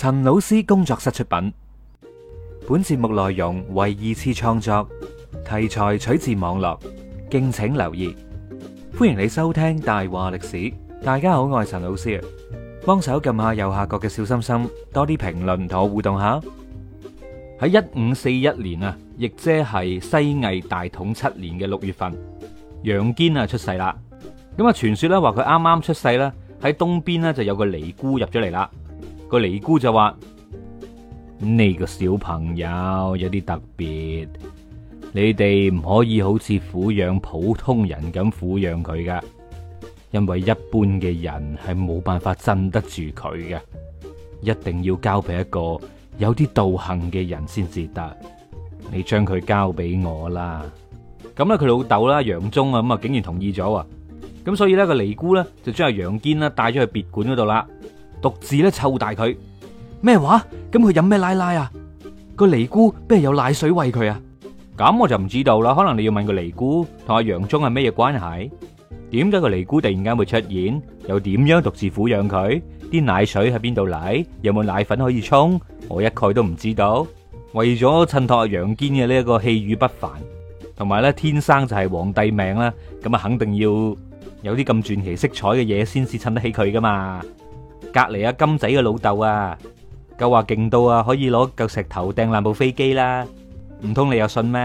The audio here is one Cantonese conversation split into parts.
陳老師工作室出品，本節目內容為二次創作，題材取自網絡，敬請留意。歡迎你收聽《大話歷史》。大家好，我係陳老師啊！幫手撳下右下角嘅小心心，多啲評論同我互動下。喺一五四一年啊，亦即係西魏大統七年嘅六月份，楊堅啊出世啦。咁啊，傳說咧話佢啱啱出世啦，喺東邊呢就有個尼姑入咗嚟啦。個尼姑就話：呢個小朋友有啲特別，你哋唔可以好似撫養普通人咁撫養佢噶，因為一般嘅人係冇辦法鎮得住佢嘅，一定要交俾一個有啲道行嘅人先至得。你將佢交俾我啦。咁咧，佢老豆啦，楊忠啊，咁啊，竟然同意咗啊。咁所以咧，個尼姑咧就將阿楊堅啦帶咗去別館嗰度啦。獨自咧湊大佢咩話？咁佢飲咩奶奶啊？那個尼姑邊係有奶水餵佢啊？咁我就唔知道啦。可能你要問尼個尼姑同阿楊忠係咩嘢關係？點解個尼姑突然間會出現？又點樣獨自撫養佢？啲奶水喺邊度嚟？有冇奶粉可以沖？我一概都唔知道。為咗襯托阿楊堅嘅呢一個氣宇不凡，同埋咧天生就係皇帝命啦，咁啊肯定要有啲咁傳奇色彩嘅嘢，先至襯得起佢噶嘛。隔籬阿金仔嘅老豆啊，夠話勁到啊，可以攞嚿石頭掟爛部飛機啦，唔通你又信咩？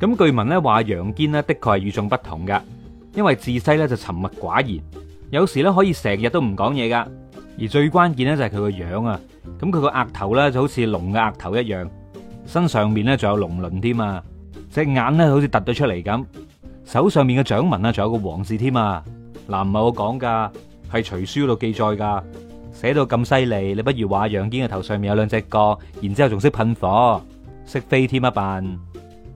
咁據聞咧，話楊堅咧的確係與眾不同噶，因為自細咧就沉默寡言，有時咧可以成日都唔講嘢噶。而最關鍵咧就係佢個樣啊，咁佢個額頭咧就好似龍嘅額頭一樣，身上面咧仲有龍鱗添啊，隻眼咧好似凸咗出嚟咁，手上面嘅掌紋咧仲有個王字添啊，嗱唔係我講噶。係《隋書》度記載噶，寫到咁犀利，你不如話楊堅嘅頭上面有兩隻角，然之後仲識噴火，識飛添一、啊、笨！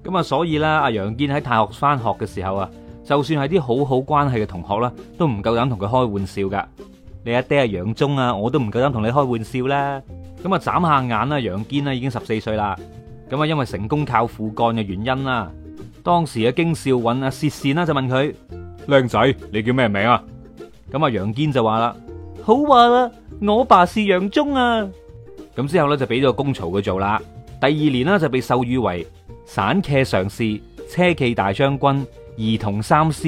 咁啊，所以呢，阿楊堅喺太學翻學嘅時候啊，就算係啲好好關係嘅同學啦，都唔夠膽同佢開玩笑噶。你阿爹啊，楊忠啊，我都唔夠膽同你開玩笑啦。咁啊，眨下眼啦，楊堅啊，已經十四歲啦。咁啊，因為成功靠父幹嘅原因啦，當時嘅京兆尹阿薛善啦就問佢：，靚仔，你叫咩名啊？咁啊，楊堅就話啦，好話啦，我爸是楊忠啊。咁之後呢，就俾咗公曹佢做啦。第二年呢，就被授予為散騎常侍、車騎大將軍、儀同三司，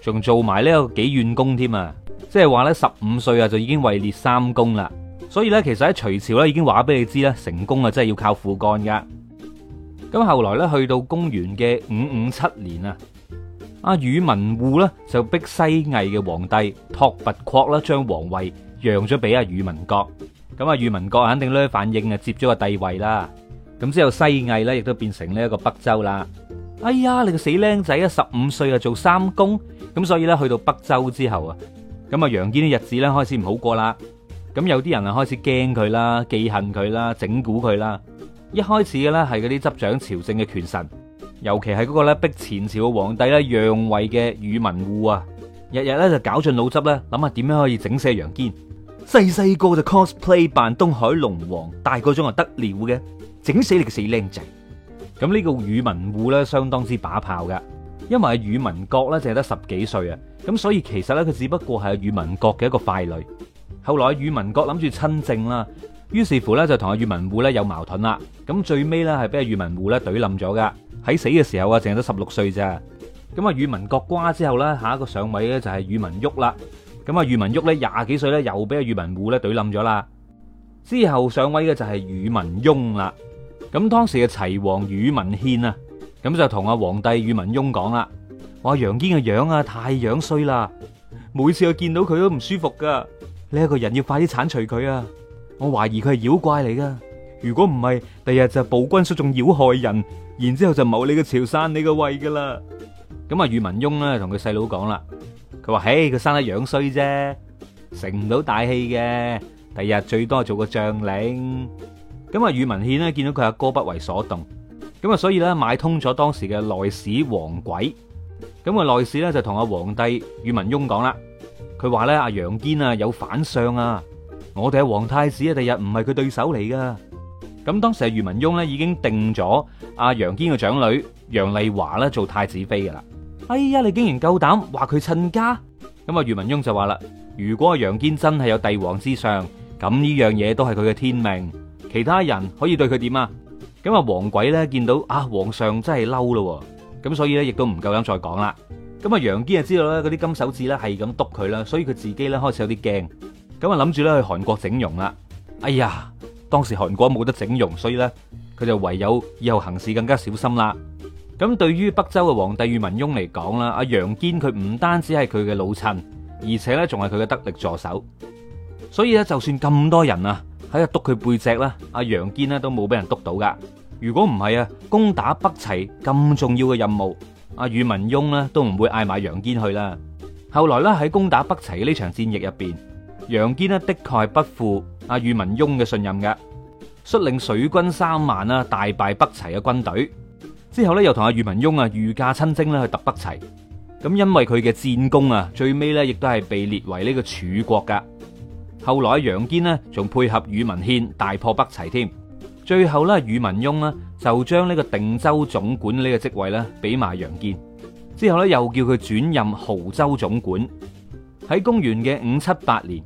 仲做埋呢一個紀縣公添啊！即係話呢，十五歲啊就已經位列三公啦。所以呢，其實喺隋朝呢，已經話俾你知啦，成功啊真係要靠父幹噶。咁後來呢，去到公元嘅五五七年啊。阿宇文護咧就逼西魏嘅皇帝拓跋廓啦，將皇位讓咗俾阿宇文覺。咁阿宇文覺肯定咧反應啊，接咗個帝位啦。咁之後西魏咧亦都變成呢一個北周啦。哎呀，你個死僆仔啊，十五歲啊做三公。咁所以咧去到北周之後啊，咁啊楊堅啲日子咧開始唔好過啦。咁有啲人啊開始驚佢啦，記恨佢啦，整蠱佢啦。一開始嘅咧係嗰啲執掌朝政嘅權臣。尤其係嗰個咧逼前朝嘅皇帝咧讓位嘅宇文護啊，日日咧就搞盡腦汁咧諗下點樣可以整死楊堅。細細個就 cosplay 扮東海龍王，大個咗就得了嘅，整死你個死靚仔。咁呢個宇文護咧相當之把炮噶，因為宇文國咧淨係得十幾歲啊，咁所以其實咧佢只不過係宇文國嘅一個傀儡。後來宇文國諗住親政啦，於是乎咧就同阿宇文護咧有矛盾啦。咁最尾咧係俾阿宇文護咧懟冧咗噶。喺死嘅時候啊，淨係得十六歲咋。咁啊，宇文覺瓜之後咧，下一個上位嘅就係宇文毓啦。咁啊，宇文毓咧廿幾歲咧，又俾阿宇文護咧懟冧咗啦。之後上位嘅就係宇文邕啦。咁當時嘅齊王宇文憲啊，咁就同阿皇帝宇文邕講啦，話楊堅嘅樣啊太樣衰啦，每次我見到佢都唔舒服噶。呢一個人要快啲鏟除佢啊！我懷疑佢係妖怪嚟噶。如果唔係，第日就暴君所中要害人，然之後就謀你個朝篡你個位噶啦。咁啊，宇文邕呢，同佢細佬講啦，佢話：，嘿，佢生得樣衰啫，成唔到大氣嘅，第日最多做個將領。咁啊，宇文憲呢，見到佢阿哥不為所動，咁啊，所以咧買通咗當時嘅內史王軌，咁啊，內史咧就同阿皇帝宇文邕講啦，佢話咧阿楊堅啊有反相啊，我哋阿皇太子啊，第日唔係佢對手嚟噶。咁當時係宇文邕咧已經定咗阿楊堅嘅長女楊麗華咧做太子妃嘅啦。哎呀，你竟然夠膽話佢親家？咁啊，宇文邕就話啦：如果阿楊堅真係有帝王之相，咁呢樣嘢都係佢嘅天命，其他人可以對佢點啊？咁啊，王軌咧見到啊皇上真係嬲咯，咁所以咧亦都唔夠膽再講啦。咁啊，楊堅就知道咧嗰啲金手指咧係咁督佢啦，所以佢自己咧開始有啲驚，咁啊諗住咧去韓國整容啦。哎呀！當時韓國冇得整容，所以咧佢就唯有以後行事更加小心啦。咁對於北周嘅皇帝宇文邕嚟講啦，阿楊堅佢唔單止係佢嘅老襯，而且咧仲係佢嘅得力助手。所以咧，就算咁多人啊喺度督佢背脊啦，阿楊堅咧都冇俾人督到噶。如果唔係啊，攻打北齊咁重要嘅任務，阿宇文邕咧都唔會嗌埋楊堅去啦。後來咧喺攻打北齊嘅呢場戰役入邊，楊堅咧的確係不負。阿宇文邕嘅信任嘅，率領水軍三萬啦，大敗北齊嘅軍隊。之後咧，又同阿宇文邕啊御駕親征咧去揼北齊。咁因為佢嘅戰功啊，最尾咧亦都係被列為呢個柱國噶。後來阿楊堅咧仲配合宇文憲大破北齊添。最後咧，宇文邕呢，就將呢個定州總管呢個職位咧俾埋楊堅。之後咧又叫佢轉任亳州總管。喺公元嘅五七八年。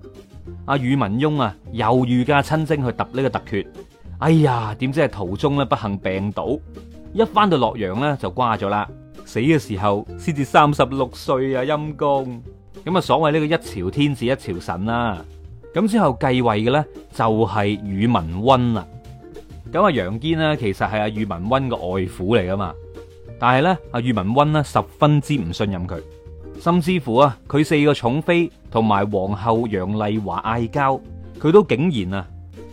阿宇文邕啊，又御駕親征去揼呢個突厥，哎呀，點知係途中咧不幸病倒，一翻到洛陽咧就瓜咗啦，死嘅時候先至三十六歲啊，陰公咁啊，所謂呢個一朝天子一朝臣啦，啊，咁之後繼位嘅咧就係、是、宇文贇啦，咁啊楊堅呢，其實係阿宇文贇嘅外父嚟噶嘛，但係咧阿宇文贇咧十分之唔信任佢。甚至乎啊，佢四個寵妃同埋皇后楊麗華嗌交，佢都竟然啊，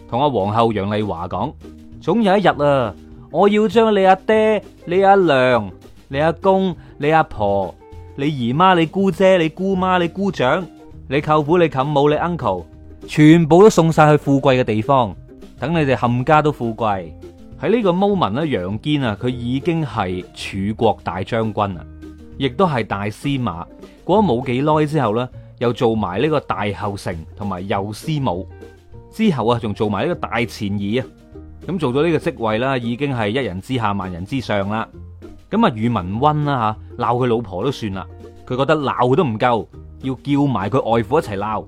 同阿皇后楊麗華講：總有一日啊，我要將你阿爹、你阿娘、你阿公、你阿婆、你姨媽、你姑姐、你姑媽、你姑丈、你舅父、你舅母、你 uncle，全部都送晒去富貴嘅地方，等你哋冚家都富貴。喺呢個 moment 咧，楊堅啊，佢已經係柱國大將軍啦。亦都係大司馬，過咗冇幾耐之後呢，又做埋呢個大後丞同埋右司母，之後啊，仲做埋呢個大前疑啊，咁做咗呢個職位啦，已經係一人之下萬人之上啦。咁啊，宇文贇啦，嚇鬧佢老婆都算啦，佢覺得鬧都唔夠，要叫埋佢外父一齊鬧，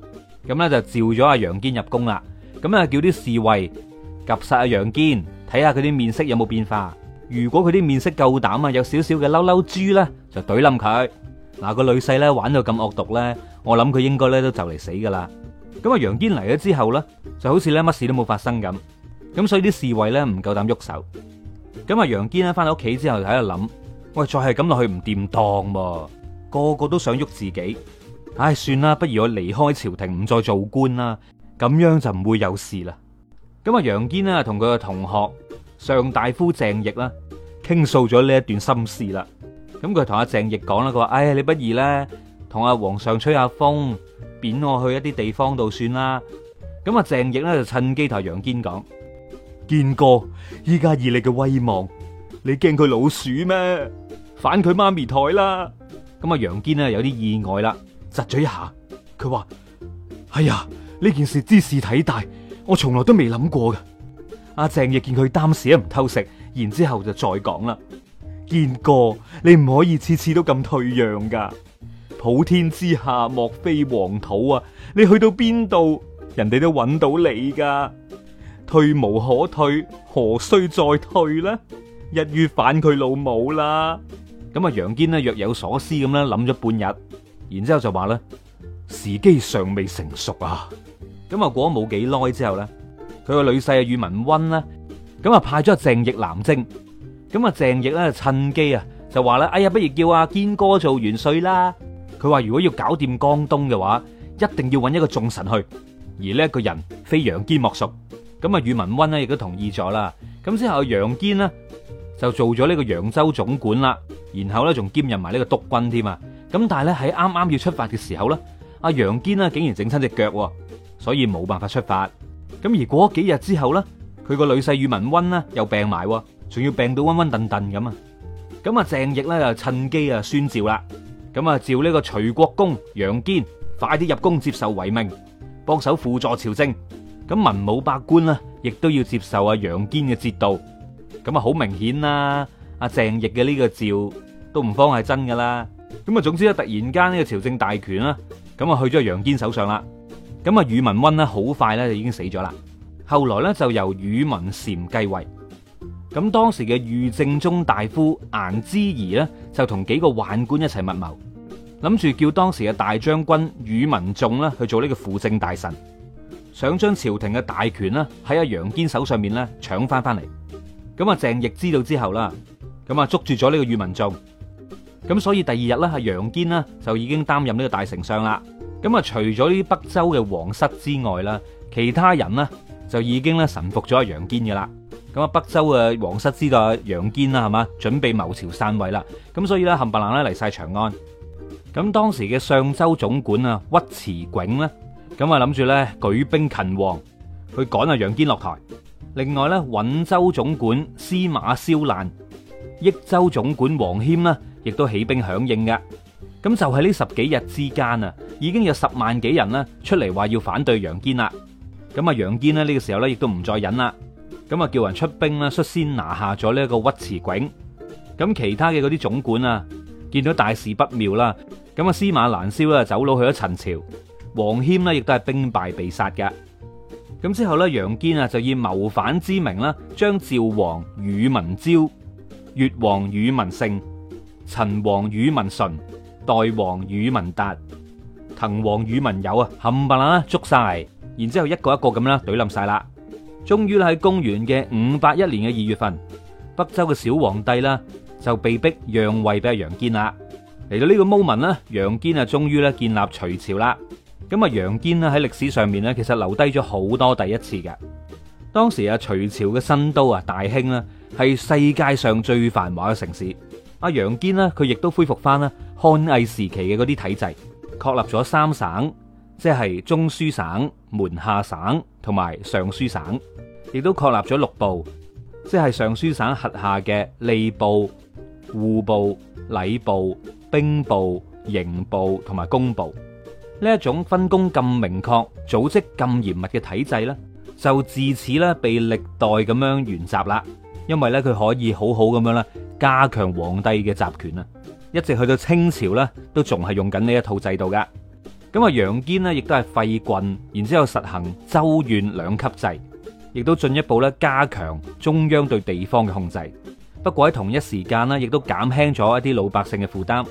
咁呢，就召咗阿楊堅入宮啦，咁啊，叫啲侍衛及殺阿楊堅，睇下佢啲面色有冇變化。如果佢啲面色夠膽啊，有少少嘅嬲嬲豬咧，就懟冧佢。嗱個女婿咧玩到咁惡毒咧，我諗佢應該咧都就嚟死噶啦。咁啊楊堅嚟咗之後咧，就好似咧乜事都冇發生咁。咁所以啲侍衛咧唔夠膽喐手。咁啊楊堅咧翻到屋企之後就喺度諗，喂，再係咁落去唔掂當噃，個個都想喐自己。唉，算啦，不如我離開朝廷，唔再做官啦。咁樣就唔會有事啦。咁啊楊堅啊同佢嘅同學，上大夫鄭譯啦，傾訴咗呢一段心事啦。咁佢同阿鄭譯講啦，佢話：唉、哎，你不如咧同阿皇上吹下風，貶我去一啲地方度算啦。咁阿鄭譯咧就趁機同阿楊堅講：堅哥，依家以你嘅威望，你驚佢老鼠咩？反佢媽咪台啦！咁阿楊堅咧有啲意外啦，窒咗一下，佢話：哎呀，呢件事茲事體大，我從來都未諗過嘅。阿鄭亦見佢當時都唔偷食，然之後就再講啦。堅哥，你唔可以次次都咁退讓噶。普天之下莫非黃土啊！你去到邊度，人哋都揾到你噶。退無可退，何須再退呢？日月反佢老母啦。咁啊，楊堅呢若有所思咁啦，諗咗半日，然之後就話啦：時機尚未成熟啊。咁啊，過咗冇幾耐之後呢？佢個女婿啊，宇文溫啦，咁啊派咗阿鄭譯南征，咁啊鄭譯咧趁機啊就話啦，哎呀，不如叫阿堅哥做元帥啦。佢話如果要搞掂江東嘅話，一定要揾一個重臣去，而呢一個人非楊堅莫屬。咁啊，宇文溫咧亦都同意咗啦。咁之後楊堅咧就做咗呢個揚州總管啦，然後咧仲兼任埋呢個督軍添啊。咁但係咧喺啱啱要出發嘅時候咧，阿楊堅咧竟然整親隻腳，所以冇辦法出發。咁而過咗幾日之後咧，佢個女婿宇文溫呢又病埋，仲要病到暈暈頓頓咁啊！咁啊，鄭譯咧就趁機啊宣召啦，咁啊召呢個隋國公楊堅快啲入宮接受遺命，幫手輔助朝政。咁文武百官咧，亦都要接受啊，楊堅嘅節度。咁啊，好明顯啦，阿鄭譯嘅呢個召都唔慌係真噶啦。咁啊，總之咧，突然間呢個朝政大權啦，咁啊去咗阿楊堅手上啦。咁啊，宇文温咧好快咧就已經死咗啦。後來咧就由宇文禪繼位。咁當時嘅御正中大夫顏之儀咧就同幾個宦官一齊密謀，諗住叫當時嘅大將軍宇文仲咧去做呢個輔政大臣，想將朝廷嘅大權咧喺阿楊堅手上面咧搶翻翻嚟。咁啊鄭譯知道之後啦，咁啊捉住咗呢個宇文仲。咁所以第二日咧，係楊堅呢，就已經擔任呢個大丞相啦。咁啊，除咗呢北周嘅皇室之外啦，其他人啦就已經咧臣服咗阿楊堅嘅啦。咁啊，北周嘅皇室知道阿楊堅啦，係嘛，準備謀朝篡位啦。咁所以咧，冚唪唥咧嚟晒長安。咁當時嘅上州總管啊尉遲迥咧，咁啊諗住咧舉兵勤王，去趕阿楊堅落台。另外咧，尹州總管司馬蕭難、益州總管王謙啦，亦都起兵響應嘅。咁就喺呢十幾日之間啊，已經有十萬幾人呢出嚟話要反對楊堅啦。咁啊，楊堅呢呢個時候呢，亦都唔再忍啦。咁啊，叫人出兵啦，率先拿下咗呢一個尉遲迥。咁其他嘅嗰啲總管啊，見到大事不妙啦，咁啊，司馬南蕭啊，走佬去咗陳朝，王謙呢，亦都係兵敗被殺嘅。咁之後呢，楊堅啊，就以謀反之名啦，將趙王宇文昭、越王宇文盛、陳王宇文純，代王宇文達、滕王宇文友啊，冚唪唥啦捉晒，然之後一個一個咁啦，隊冧晒啦。終於啦，喺公元嘅五八一年嘅二月份，北周嘅小皇帝啦就被逼讓位俾阿楊堅啦。嚟到呢個 moment 啦，楊堅啊，終於咧建立隋朝啦。咁啊，楊堅呢喺歷史上面咧，其實留低咗好多第一次嘅。當時啊，隋朝嘅新都啊，大興啦，係世界上最繁華嘅城市。阿楊堅呢，佢亦都恢復翻啦。漢魏時期嘅嗰啲體制，確立咗三省，即係中書省、門下省同埋尚書省，亦都確立咗六部，即係尚書省轄下嘅吏部、戶部、禮部、兵部、刑部同埋工部。呢一種分工咁明確、組織咁嚴密嘅體制呢，就自此咧被歷代咁樣沿襲啦，因為呢，佢可以好好咁樣咧加強皇帝嘅集權啊。一直去到清朝咧，都仲係用緊呢一套制度噶。咁啊，楊堅呢亦都係廢郡，然之後實行州縣兩級制，亦都進一步咧加強中央對地方嘅控制。不過喺同一時間呢，亦都減輕咗一啲老百姓嘅負擔。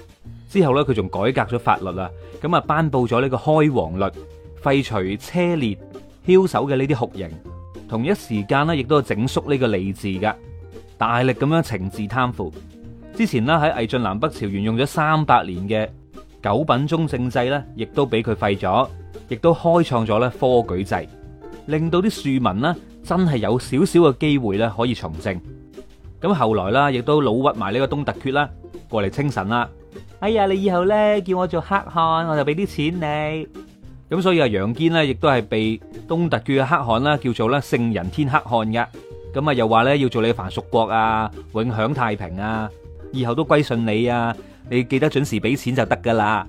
之後呢，佢仲改革咗法律啊，咁啊頒布咗呢個開皇律，廢除車裂、梟首嘅呢啲酷刑。同一時間呢，亦都整肅呢個吏治噶，大力咁樣懲治貪腐。之前啦，喺魏晉南北朝沿用咗三百年嘅九品中正制呢，亦都俾佢廢咗，亦都開創咗咧科舉制，令到啲庶民呢真係有少少嘅機會呢可以從政。咁後來啦，亦都老屈埋呢個東突厥啦過嚟稱臣啦。哎呀，你以後呢，叫我做可汗，我就俾啲錢你。咁所以啊，楊堅呢亦都係被東突厥嘅可汗啦叫做咧聖人天可汗嘅。咁啊又話呢要做你藩屬國啊，永享太平啊。以後都歸順你啊！你記得準時俾錢就得噶啦。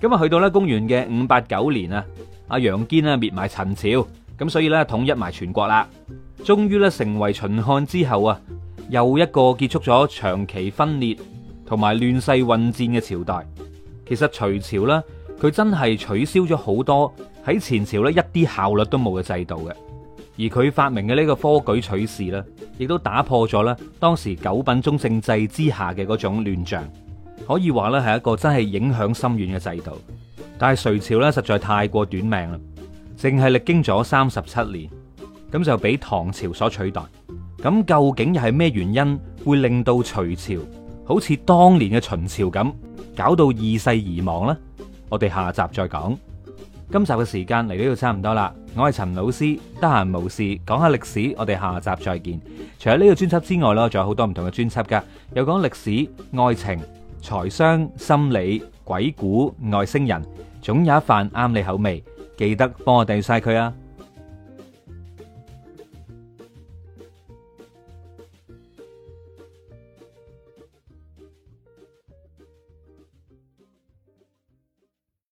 咁啊，去到咧公元嘅五八九年啊，阿楊堅啊滅埋陳朝，咁所以呢統一埋全國啦，終於呢成為秦漢之後啊又一個結束咗長期分裂同埋亂世混戰嘅朝代。其實隋朝呢，佢真係取消咗好多喺前朝呢一啲效率都冇嘅制度嘅，而佢發明嘅呢個科舉取士呢。亦都打破咗咧當時九品中正制之下嘅嗰種亂象，可以話咧係一個真係影響深遠嘅制度。但係隋朝咧實在太過短命啦，淨係歷經咗三十七年，咁就俾唐朝所取代。咁究竟又係咩原因會令到隋朝好似當年嘅秦朝咁，搞到二世而亡呢？我哋下集再講。今集嘅時間嚟到呢度差唔多啦，我係陳老師，得閒無事講下歷史，我哋下集再見。除咗呢個專輯之外，呢仲有好多唔同嘅專輯噶，有講歷史、愛情、財商、心理、鬼故、外星人，總有一瓣啱你口味。記得幫我訂晒佢啊！